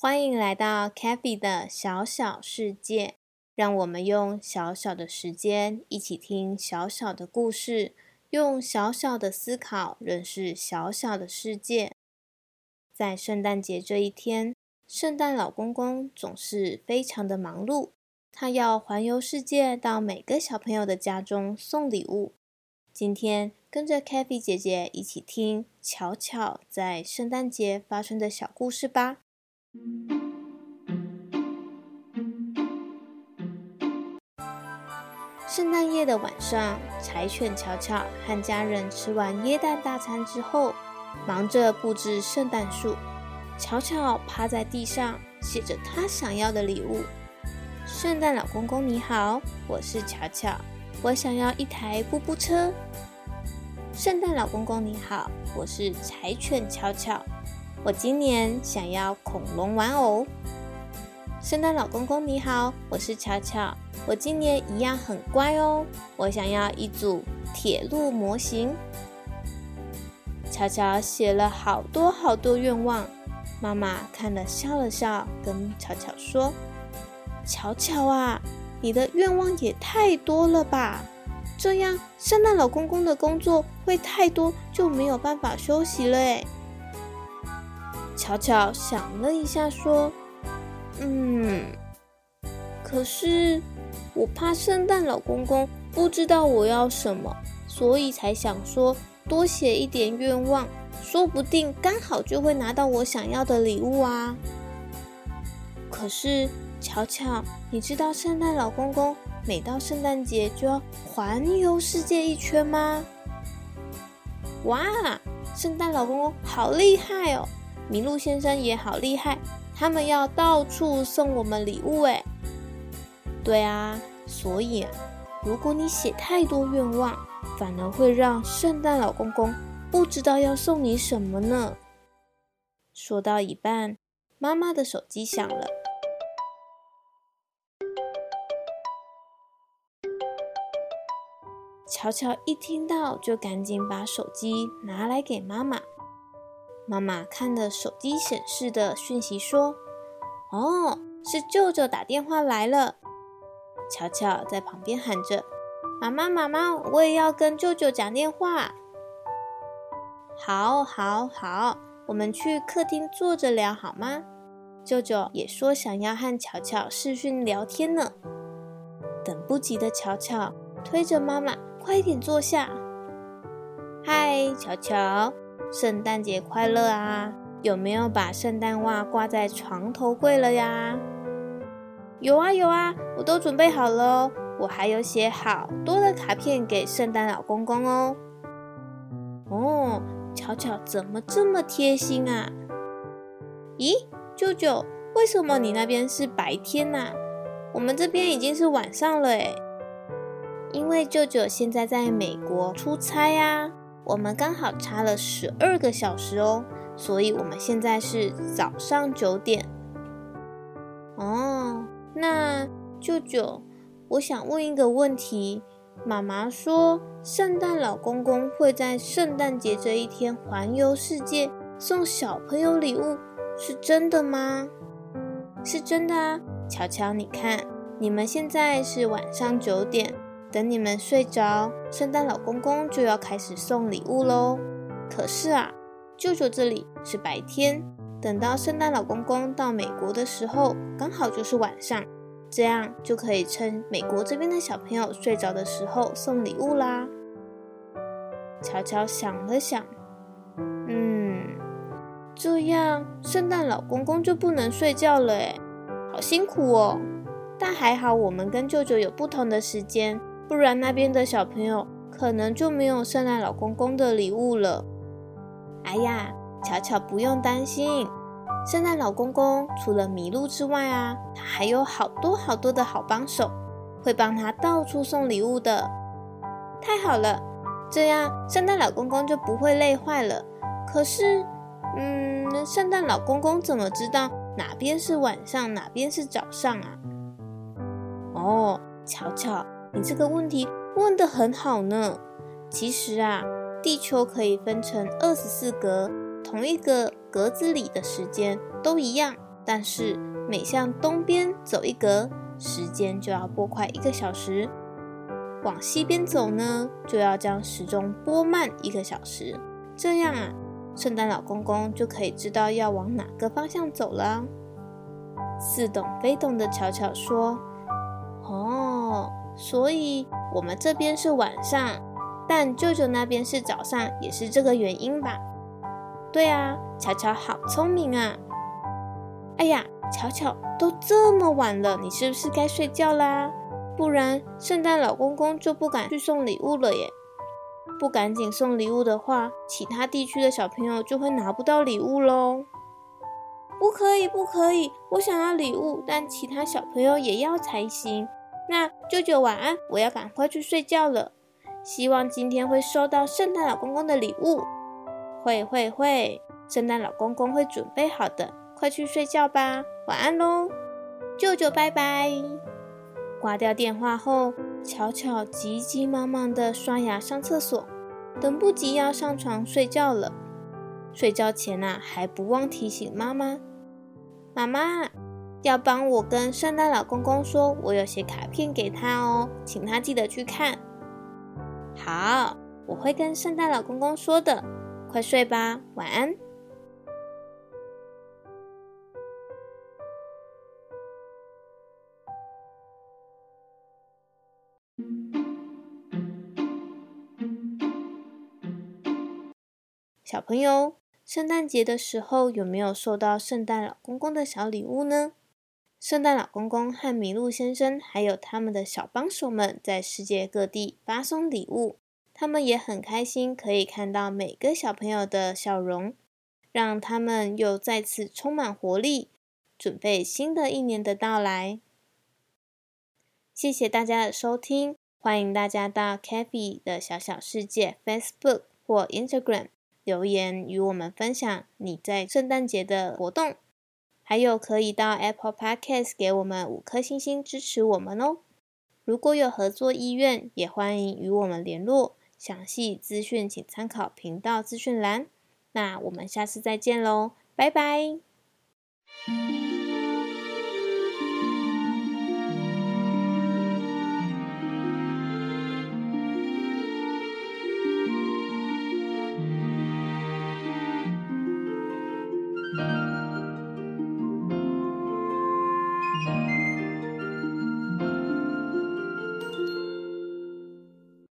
歡迎來到 CaFi 的小小世界。讓我們用小小的時間，一起聽小小的故事，用小小的思考認識小小的世界。在聖誕節這一天，聖誕老公公總是非常的忙碌。他要環遊世界，到每個小朋友的家中送禮物。今天跟着 CaFi 姐姐一起聽巧巧在聖誕節發生的小故事吧。聖誕夜的晚上，柴犬巧巧和家人吃完耶誕大餐之後，忙着布置聖誕樹。巧巧趴在地上，寫着他想要的禮物。聖誕老公公你好，我是巧巧，我想要一台布布車。聖誕老公公你好，我是柴犬巧巧，我今年想要恐龍玩偶。聖誕老公公你好，我是巧巧，我今年一樣很乖哦，我想要一組鐵路模型。巧巧寫了好多好多願望，媽媽看了笑了笑，跟巧巧說。巧巧啊，你的願望也太多了吧？這樣聖誕老公公的工作會太多，就沒有辦法休息嘞。巧巧想了一下，說：“嗯，可是我怕聖誕老公公不知道我要什麼，所以才想說多寫一點願望，說不定剛好就會拿到我想要的禮物啊。可是。”巧巧，你知道聖誕老公公每到聖誕節就要環遊世界一圈嗎？哇，聖誕老公公好厲害哦！麋鹿先生也好厲害，他們要到處送我們禮物哎。對啊，所以如果你寫太多願望，反而會讓聖誕老公公不知道要送你什麼呢。說到一半，媽媽的手機響了。喬喬一聽到，就趕緊把手機拿來給媽媽，媽。媽媽看了手機顯示的訊息，說：“哦，是舅舅打電話來了。”巧巧在旁邊喊着：“媽媽，媽媽，我也要跟舅舅講電話。”“好，好，好，我們去客廳坐着聊好嗎？”舅舅也說想要和巧巧視訊聊天呢。等不及的巧巧推着媽媽。快點坐下！嗨，巧巧，聖誕節快樂啊！有沒有把聖誕襪掛在床頭櫃了呀？有啊有啊，我都準備好了哦，我還有寫好多的卡片給聖誕老公公哦。哦，巧巧怎麼這麼貼心啊？咦，舅舅，為什麼你那邊是白天啊？我們這邊已經是晚上了哎。因為舅舅現在在美國出差呀、啊，我們剛好差了十二個小時哦，所以我們現在是早上九點。哦，那舅舅，我想問一個問題：媽媽說聖誕老公公會在聖誕節這一天環遊世界，送小朋友禮物，是真的嗎？是真的啊，巧巧，你看，你們現在是晚上九點。等你們睡着，聖誕老公公就要開始送禮物嘍。可是啊，舅舅這裡是白天，等到聖誕老公公到美國的時候，剛好就是晚上，這樣就可以趁美國這邊的小朋友睡着的時候送禮物啦。巧巧想了想，嗯，這樣聖誕老公公就不能睡覺了哎，好辛苦哦。但還好我們跟舅舅有不同的時間。不然那邊的小朋友可能就沒有聖誕老公公的禮物了。哎呀，巧巧不用擔心，聖誕老公公除了迷路之外啊，他還有好多好多的好幫手，會幫他到處送禮物的。太好了，這樣聖誕老公公就不會累壞了。可是，嗯，聖誕老公公怎麼知道哪邊是晚上，哪邊是早上啊？哦，巧巧。你這個問題問得很好呢。其實啊，地球可以分成二十四格，同一個格子裡的時間都一樣，但是每向東邊走一格，時間就要撥快一個小時；往西邊走呢，就要將時鐘撥慢一個小時。這樣啊，聖誕老公公就可以知道要往哪個方向走了。似懂非懂的巧巧說：“哦。”所以我們這邊是晚上，但舅舅那邊是早上，也是這個原因吧？對啊，巧巧好聰明啊！哎呀，巧巧，都這麼晚了，你是不是該睡覺啦？不然聖誕老公公就不敢去送禮物了耶！不趕緊送禮物的話，其他地區的小朋友就會拿不到禮物嘍！不可以，不可以，我想要禮物，但其他小朋友也要才行。那舅舅晚安，我要趕快去睡覺了。希望今天會收到聖誕老公公的禮物。會會會，聖誕老公公會準備好的。快去睡覺吧，晚安嘍，舅舅拜拜。掛掉電話後，巧巧急急忙忙的刷牙、上廁所，等不及要上床睡覺了。睡覺前啊，還不忘提醒媽媽，媽媽。要幫我跟聖誕老公公說，我有寫卡片給他哦，請他記得去看。好，我會跟聖誕老公公說的。快睡吧，晚安。小朋友，聖誕節的時候有沒有收到聖誕老公公的小禮物呢？聖誕老公公和麋鹿先生，還有他們的小幫手們，在世界各地發送禮物。他們也很開心，可以看到每個小朋友的笑容，讓他們又再次充滿活力，準備新的一年的到來。謝謝大家的收聽，歡迎大家到 CaFi 的小小世界 Facebook 或 Instagram 留言，與我們分享你在聖誕節的活動。還有可以到 Apple Podcast 給我們五顆星星支持我們哦。如果有合作意願，也歡迎與我們聯絡。詳細資訊請參考頻道資訊欄。那我們下次再見嘍，拜拜。